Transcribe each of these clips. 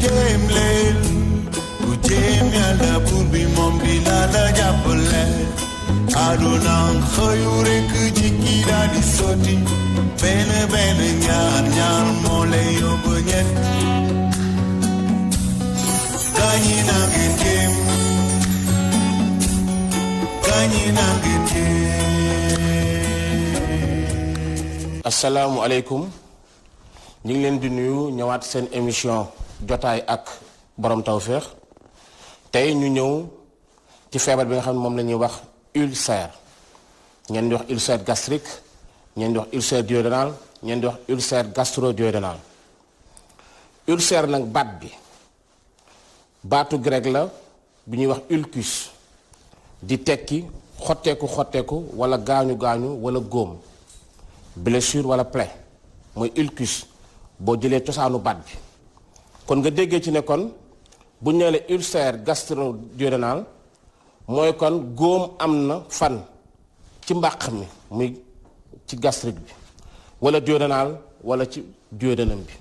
jéem leen ku jéem yàlla buur bi moom dina la jàppale aduna xëyu rekk jikki daal sotti benn benn ñaar ñaar moo lay yóbbu ñett gañi na jéem gañi na jéem asalaamu aleykum ñu ngi leen di nuyu ñëwaat seen émission jotaay ak borom tawféex tey ñu ñëw ci feebar bi nga xam ne moom la ñuy wax ulcère ñeen di wax ulcère gastrique ñeen di wax ulcère duodénal ñeen di wax ulcère gastro-duodénal ulcère nag baat bi baatu grec la bi ñuy wax ulcus di tekki xotteeku xotteeku wala gaañu gaañu wala góom blessure wala plaie mooy ulcus boo jëlee cosaanu baat bi kon nga déggee ci ne kon bu ñu nee ulcère gastro-duodénal mooy kon góom am na fan ci mbaq mi muy ci gastrique bi wala duodénal wala ci duodénum bi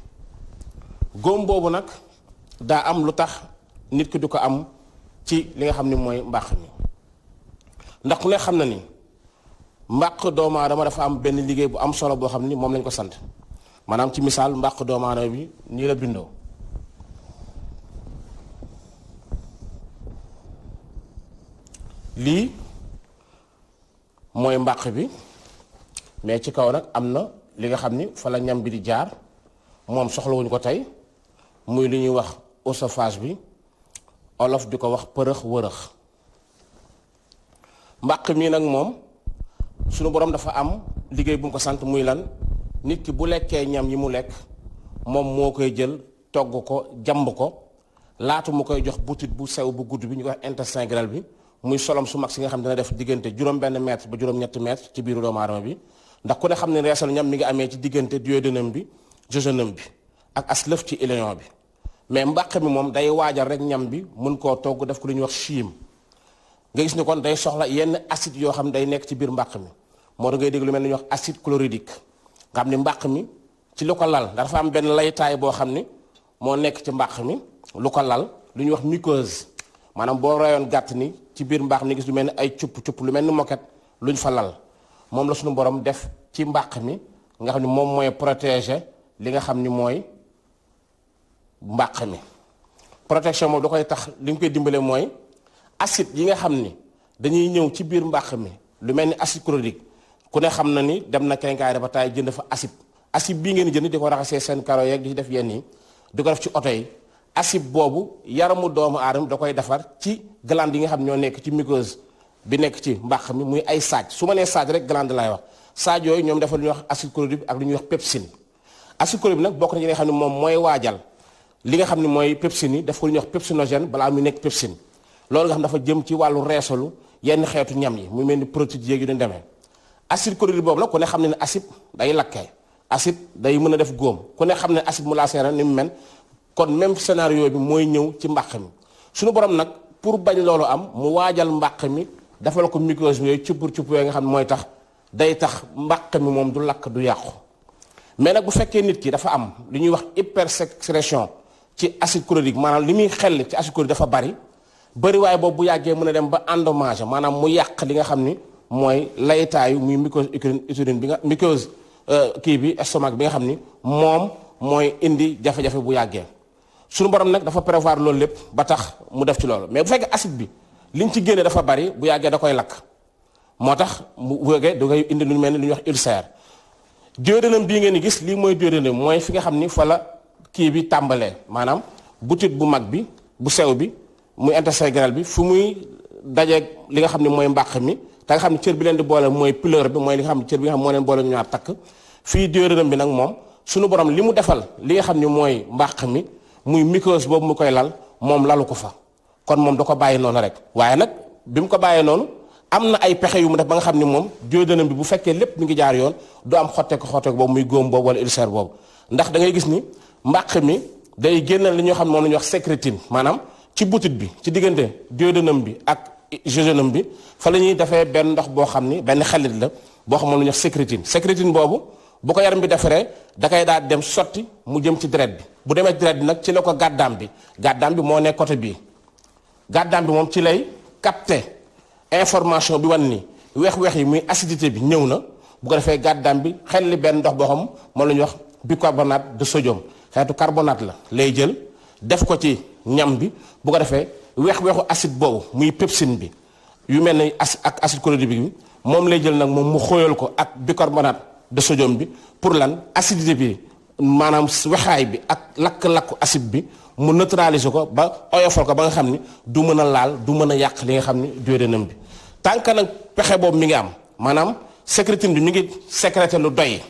góom boobu nag daa am lu tax nit ki du ko am ci li nga xam ni mooy mbaq mi ndax ku ne xam na ni mbàq doomu aadama dafa am benn liggéey bu am solo boo xam ni moom lañ ko sant maanaam ci misaal mbàq doomu aadama bi nii la bindoo lii mooy mbàq bi mais ci kaw nag am na li nga xam ni fala ñam bi di jaar moom soxlawuñ ko tey muy li ñuy wax oesophage bi olof di ko wax përëx wërëx mbàq mi nag moom sunu borom dafa am liggéey bu mu ko sant muy lan nit ki bu lekkee ñam yi mu lekk moom moo koy jël togg ko jamb ko laatu mu koy jox butit bu sew bu gudd bi ñu ko wax intestin bi muy solom su mag si nga xam dina def diggante juróom-benn mètre ba juróom-ñetti mètre ci biiru doomu aadama bi ndax ku ne xam ne reesal ñam mi ngi amee ci diggante duodénum bi jéjunum bi ak as aslëf ci iléon bi mais mbàq mi moom day waajal rek ñam bi mun koo togg def ko lu ñuy wax chiim nga gis ni kon day soxla yenn acide yoo xam ne day nekk ci biir mbàq mi moo da ngay dégg lu mel ni ñuy wax acide chloridique nga xam ni mbàq mi ci lu ko lal dafa am benn laytaay boo xam ni moo nekk ci mbàq mi lu lal lu ñuy wax muqueuse maanaam boo rayoon gàtt ni ci biir mbaax mi gis lu mel ni ay cupp cupp lu mel ni moket luñ fa lal moom la suñu borom def ci mbàq mi nga xam ne moom mooy protéger li nga xam ni mooy mbàq mi protection moom doo koy tax li koy dimbale mooy acide yi nga xam ni dañuy ñëw ci biir mbàq mi lu mel ni acide chlorique ku ne xam na ni dem na kenkaay ba taay jënd fa acide acide bii ngeen jënd di ko raxasee seen karo yeeg di def yenn yi di ko def ci oto yi acide boobu yaramu doomu aadama da koy defar ci glande yi nga xam ñoo nekk ci muqueuse bi nekk ci mbaq mi muy ay saaj su ma nee saaj rek glande laay wax saaj yooyu ñoom dafa lu ñuy wax acide chlorhydrique ak lu ñuy wax pepsine acide chlorhydrique nag bokk na ci nga xam ne moom mooy waajal li nga xam ne mooy pepsine yi daf ko lu ñuy wax pepsinogène balaa muy nekk pepsine loolu nga xam dafa jëm ci wàllu reesalu yenn xeetu ñam yi mu mel ni protéines yeeg yu ñu demee acide chlorhydrique boobu la ku ne xam ne ne asib day lakkee acide day mën a def góom ku ne xam ne acide mu laa seera ni mu kon même scénario bi mooy ñëw ci mbàq mi suñu borom nag pour bañ loolu am mu waajal mbàq mi defal ko microbes yooyu cuppur cuppur yooyu nga xam ne mooy tax day tax mbàq mi moom du lakk du yàqu mais nag bu fekkee nit ki dafa am li ñuy wax hypersécrétion ci acide chlorhydrique li muy xel ci acide dafa bari bari waaye boobu bu yàggee mën a dem ba endommage maanaam mu yàq li nga xam ni mooy laytaayu muy muqueuse utérine bi nga muqueuse euh, kii bi estomac bi nga xam ni moom mooy indi jafe-jafe bu yàggee suñu borom nag dafa prévoir loolu lépp ba tax mu def ci loolu mais bu fekkee acide bi liñ ci génne dafa bari bu yàggee da koy lakk moo tax mu wëgee da koy indi lu mel ni lu ñuy wax ulcère duodénum bii ngeen di gis lii mooy duodénum mooy fi nga xam ni fa la kii bi tàmbalee maanaam butit bu mag bi bu sew bi muy interségral bi fu muy dajeeg li nga xam ne mooy mbàq mi te nga xam ne cër bi leen di boole mooy pleur bi mooy li nga xam ne cër bi nga xam moo leen boole ñaar takk fii duodénum bi nag moom sunu borom li mu defal li nga xam ne mooy mbàq mi muy muqueuse boobu mu koy lal moom lalu ko fa kon moom da ko bàyyi noonu rek waaye nag bi mu ko bàyyee noonu am na ay pexe yu mu def ba nga xam ni moom duodénam bi bu fekkee lépp mu ngi jaar yoon du am xotteeku xotteeku boobu muy góom boobu wala ulcère boobu ndax da ngay gis ni mbàq mi day génn li ñoo xam ne moom la ñuy wax sécrétine maanaam ci butit bi ci diggante duodénam bi ak jéjunum bi fa la ñuy defee benn ndox boo xam ni benn xalit la boo xam moom la ñuy wax sécrétine sécrétine boobu bu ko yaram bi defaree da kay daal dem sotti mu jëm ci deret bi bu demee ci deret bi nag ci la ko gàddaam bi gàddaam bi moo nekk côté bii gàddaam moom ci lay capter information bi wan ni weex-weex yi muy acidité bi ñëw na bu ko defee gàddaam bi xel li benn ndox boo xam moom la ñuy wax bicarbonate de sodium xeetu carbonate la lay jël def ko ci ñam bi bu ko defee weex-weexu acide boobu muy pepsine bi yu mel ne acide ak acide chlorhydrique moom lay jël nag moom mu xóoyal ko ak bicarbonate de sodium bi pour lan acidité bi maanaam wexaay bi ak lakk-lakku acide bi mu neutraliser ko ba oyofal ko ba nga xam ni du mën a laal du mën a yàq li nga xam ni duodénam bi tant que nag pexe boobu mi ngi am maanaam sécrétine bi mi ngi sécrété lu doy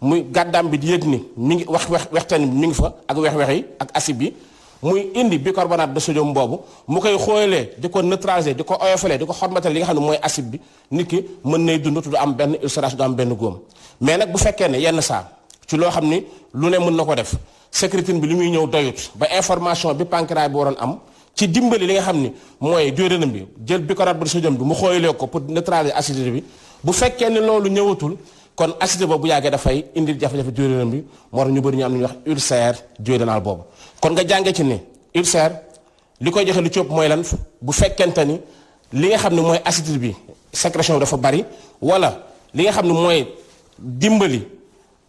muy gàddaam bi di yëg ni mi ngi wax wex wextaan bi mi ngi fa ak wex-wex yi ak acide bi muy indi bicarbonate de sodium boobu mu koy xoolee di ko neutraliser di ko oyofalee di ko xormatal li nga xam ne mooy acide bi nit ki mën nay dund du am benn ulcération du am benn góom mais nag bu fekkee ne yenn saa ci loo xam ni lu ne mën na ko def sécrétine bi li muy ñëw doyut ba information bi pancréas bi waroon am ci dimbali li nga xam ni mooy duodénum bi jël bicarbonate de sodium bi mu xoolee ko pour neutraliser acidité bi bu fekkee ne loolu ñëwatul kon acide boobu bu yàggee dafay indil jafe-jafe duodénal bi moo tax ñu bëri ñu am lu ñuy wax ulcère duodénal boobu kon nga jàngee ci ni ulcère li koy joxe lu ci ëpp mooy lan bu fekkente ni li nga xam ne mooy acide bi sécrétion bi dafa bari wala li nga xam ne mooy dimbali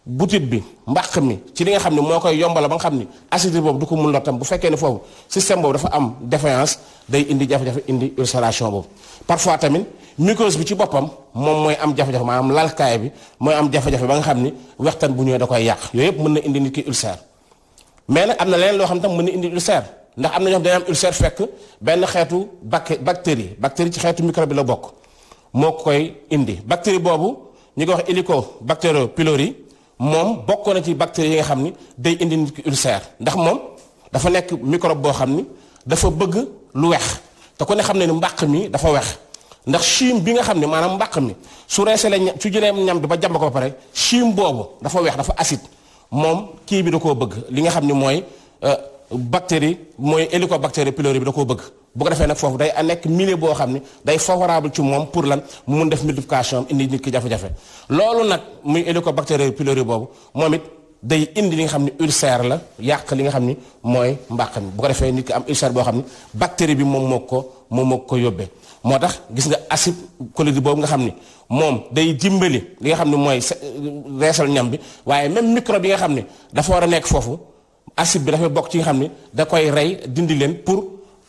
butit bi mbàq mi ci li nga xam ne moo koy yombala ba nga xam ni acide boobu du ko mun na tam bu fekkee ne foofu système boobu dafa am défaillance day indi jafe-jafe indi ulcération boobu parfois tamit muqueuse bi ci boppam moom mooy am jafe-jafe maanaam lalkaay bi mooy am jafe ba nga xam ni waxtaan bu ñëwee da koy yàq yooyu yëpp mën na indi nit ki ulcère mais na am na leen loo xam tam mën na indi ulcère ndax am na ñoo xam dañuy am ulcère fekk benn xeetu bak bactérie bactérie ci xeetu microbe bi la bokk moo koy indi bactérie boobu ñu ko wax hélicobacter pylori moom bokk na ci bactéries yi nga xam ni day indi nit ki ulcère ndax moom dafa nekk microbe boo xam ni dafa bëgg lu weex te ko ne xam ne ni mbàq mi dafa weex ndax chim bi nga xam ne maanaam mbàq mi su reesee la su jëlee ñam bi ba jàmb ko ba pare chim boobu dafa weex dafa acide moom kii bi da koo bëgg li nga xam ni mooy euh, bactérie mooy hélicobactérie pylori bi da koo bëgg bu ko defee nag foofu day a nekk milieu boo xam ni day favorable ci moom pour lan mu mun def indi nit ki loolu nag muy hélicobactérie pylori boobu moom day indi li nga xam ni ulcère la yàq li nga xam ni mooy mbàq mi bu ko defee nit am ulcère boo xam ni bactérie bi moom mook ko moom moo ko yóbbee moo tax gis nga acide colique boobu nga xam ni moom day dimbali li nga xam ni mooy reesal ñam bi waaye même microbe bi nga xam ni dafa war a nekk foofu acide bi dafay bokk ci nga xam ne da koy rey dindi leen pour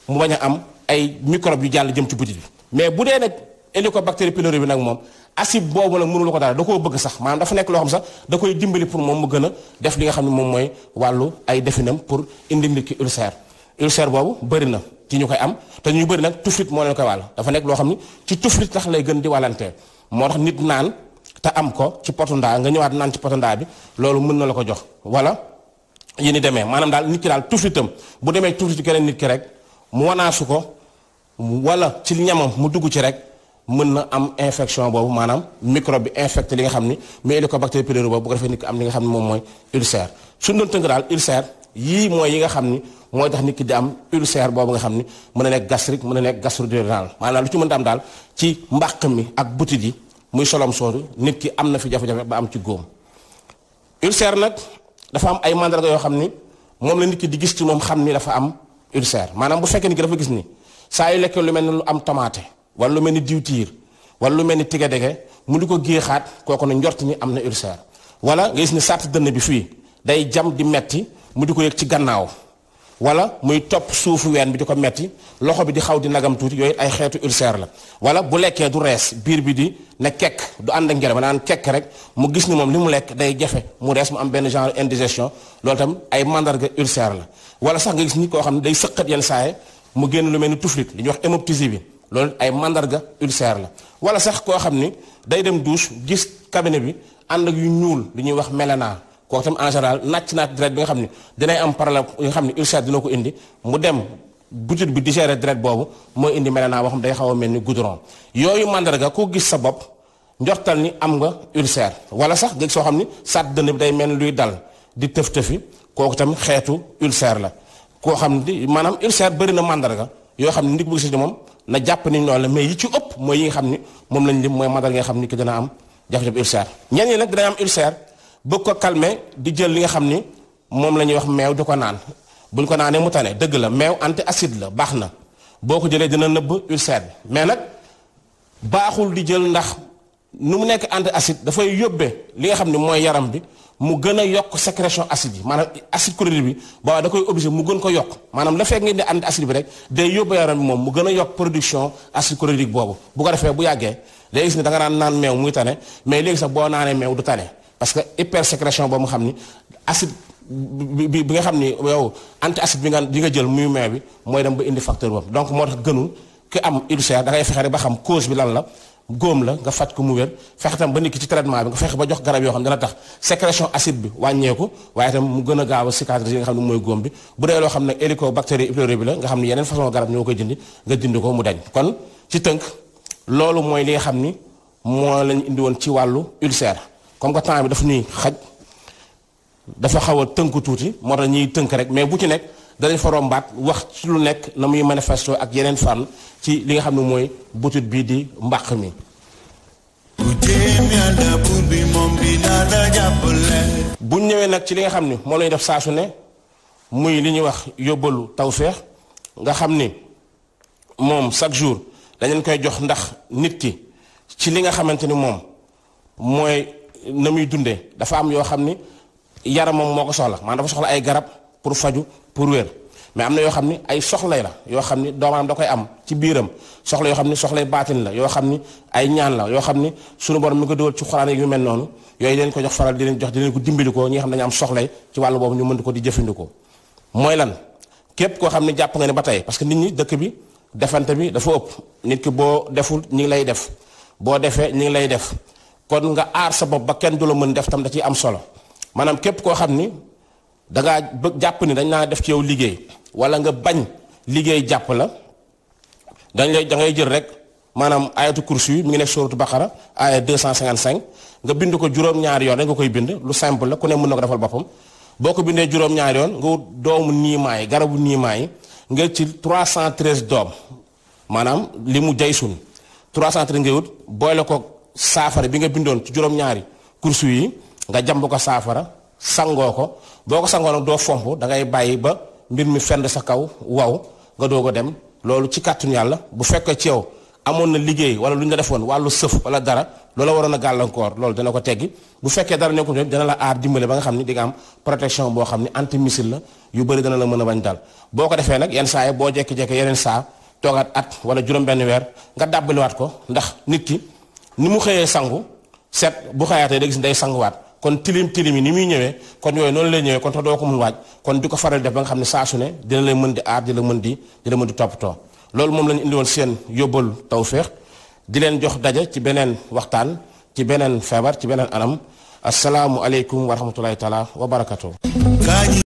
mu bañ a am ay microbe yu jàll jëm ci butit bi mais bu dee nag hélicobacter pylori bi nag moom acide boobu nag mënul ko dara da koo bëgg sax maanaam dafa nekk loo xam sax da koy dimbali moom mu gën a def li nga xam ne moom mooy wàllu ay definam pour indi nit ki ulcère ulcère boobu bëri na ci ñu koy am te ñu bëri nag tuflit moo leen koy dafa nekk loo xam ne ci tuflit tax lay gën di wàllantee moo tax nit naan te am ko ci potu nga ñëwaat naan ci potu bi loolu mën na la ko jox yi ni demee maanaam daal nit ki daal tuflitam bu demee tuflitu keneen nit ki rek mu wanaasu ko wala ci ñamam mu dugg ci rek mën na am infection boobu maanaam microbe bi infecté li nga xam ni mais Helicobacter pylori boobu bu ko defee nit ki am li nga xam ni moom mooy ulcère suñu doon tënk daal ulcère yii mooy yi nga xam ni mooy tax nit ki di am ulcère boobu nga xam ni mën na nekk gastrique mën na nekk gastro-duodénal maanaam lu ci mën a am daal ci mbàq mi ak butit yi muy solom soosu nit ki am na fi jafe-jafe ba am ci góom ulcère nag dafa am ay mandarga yoo xam ni moom la nit ki di gis ci moom xam ni dafa am ulcère maanaam bu fekkee nit ki dafa gis ni saa yu lekkee lu mel ni lu am tomate wala lu mel ni diwtiir wala lu mel ni tigedege mu di ko géexaat kooku ne njort ni am na ulcère wala nga gis ni sart dënn bi fii day jam di metti mu di ko yëg ci gannaaw wala muy topp suufu ween bi di ko metti loxo bi di xaw di nagam tuuti yooyu ay xeetu ulcère la wala bu lekkee du rees biir bi di ne kekk du ànd ak ngelaw ba naan kekk rek mu gis ni moom li mu lekk day jafe mu rees mu am benn genre indigestion loolu tam ay mandarga ulcère la wala sax nga gis koo xam ne day sëqat yenn saaye mu génn lu mel ni tuflit li ñuy wax hémoptysie bi loolu ay mandarga ulcère la wala sax koo xam ni day dem douche gis cabinet bi ànd ak yu ñuul li ñuy wax mélanaa kooku tam en général nàcc naat deret bi nga xam ne dinay am problème yi nga xam ne ulcère dina ko indi mu dem butit bi digérer deret boobu mooy indi melenaa boo xam day xaw a mel ni goudron yooyu màndarga koo gis sa bopp njortal ni am nga ulcère wala sax géeg soo xam ni sàtt dënn bi day mel ni luy dal di tëf-tëfi kooku tamit xeetu ulcère la koo xam ni maanaam ulcère bëri na màndarga yoo xam ne nit bu gis ni moom na jàpp ni noonu la mais yi ci ëpp mooy yi nga xam ni moom lañ lim mooy màndarga nga xam ni ki dana am jafe bëgg ko calmer di jël li nga xam ni moom la ñuy wax meew du ko naan buñ ko naanee mu tane dëgg la meew anti acide la baax na boo ko jëlee dina nëbb ulcère bi mais nag baaxul di jël ndax nu mu nekk anti acide dafay yóbbee li nga xam ni mooy yaram bi mu gën a yokk sécrétion acide yi maanaam acide chlorhydrique bi boo da koy obligé mu gën ko yokk maanaam la fekk ngeen di anti acide bi rek day yóbbu yaram bi moom mu gën a yokk production acide chlorhydrique boobu bu ko defee bu yàggee léegi gis da nga naan naan meew muy tane mais léegi sax boo naanee meew du tane. parce que hypersécrétion boobu nga xam ni acide bi bi nga xam ni yow anti acide bi nga di nga jël muy mai bi mooy dem ba indi facteur boobu donc moo tax gënu ki am ulcère da ngay ba xam cause bi lan la góom la nga faj ko mu wér fexe tam ba nit ki ci traitement bi nga fexe ba jox garab yoo xam dana tax sécrétion acide bi wàññeeku waaye itam mu gën a gaaw a cicatriser nga xam ne mooy góom bi bu dee loo xam ne hélicobactérie E. pylori bi la nga xam ne yeneen façon garab ñoo koy jëndi nga dindi ko mu dañ kon ci loolu mooy li nga xam ni moo lañ indi woon ci wàllu ulcère comme que temps bi dafa ñuy xaj dafa xaw a tënk tuuti moo tax ñuy tënk rek mais bu ci nekk danañ fa rombaat wax ci lu nekk na muy manifesto ak yeneen fànn ci li nga xam ne mooy butut bii di mbàq mi. bu ñëwee nag ci li nga xam ni moo lañu def saasu ne muy li ñuy wax yóbbalu tawféex nga xam ni moom chaque jour dañu koy jox ndax nit ki ci li nga xamante ni moom mooy. na muy dundee dafa am yoo xam ni yaramam moo ko soxla maanaam dafa soxla ay garab pour faju pour wér mais am na yoo xam ni ay soxlay la yoo xam ni doomam da koy am ci biiram soxla yoo xam ni soxlay baatin la yoo xam ni ay ñaan la yoo xam ni sunu borom mi ko dugal ci xuraan yu mel noonu yooyu leen ko jox faral di leen jox di leen ko dimbali ko ñi nga am soxlay ci wàllu boobu ñu mën ko di jëfandikoo. mooy lan képp koo xam ne jàpp nga ne ba tey parce que nit ñi dëkk bi defante bi dafa ëpp nit ki boo deful ñi ngi lay def boo defee ñi ngi lay def kon nga aar sa bopp ba kenn du la mën def tam da ciy am solo maanaam képp koo xam ni da ngaa bëgg jàpp ni dañ naa def ci yow liggéey wala nga bañ liggéey jàpp la dañ lay da ngay jël rek maanaam ayatu kursi yi mi ngi nekk suratu Baqara aaya 255 nga bind ko juróom-ñaari yoon rek nga koy bind lu simple la ku ne mën na ko defal boppam boo ko bindee juróom-ñaari yoon nga wut doomu niimaa yi garabu niimaa yi nga ci 313 doom maanaam li mu jay sun 313 saafara bi nga bindoon ci juróom-ñaari kursu yi nga jàmb ko saafara sangoo ko boo ko sangoo nag doo fomp dangay bàyyi ba mbir mi fend sa kaw waw nga doo ko dem loolu ci kàttun yàlla bu fekkee ci yow amoon na liggéey wala lu ñu la defoon wàllu sëf wala dara loola waroon a gàllankoor loolu dana ko teggi bu fekkee dara nekkul ne dana la aar dimbale ba nga xam ni di nga am protection boo xam ni anti missile la yu bëri dana la mën a bañ dal boo ko defee nag yenn saa boo jékki-jékki yeneen saa toogaat at wala juróom-benn weer nga dàbbaliwaat ko ndax nit ki ni mu xëyee sangu set bu xëyaatee da gis day sanguwaat kon tilim tilim yi ni muy ñëwee kon yooyu noonu lay ñëwee kon te doo ko mun waaj kon di ko faral def ba nga xam ne saa ne dina lay mën di aar di la mën di dina mën di toppatoo loolu moom lañu woon seen yóbbal tawféex di leen jox daje ci beneen waxtaan ci beneen feebar ci beneen anam assalaamu wa rahmatulahi taala wa barakatoo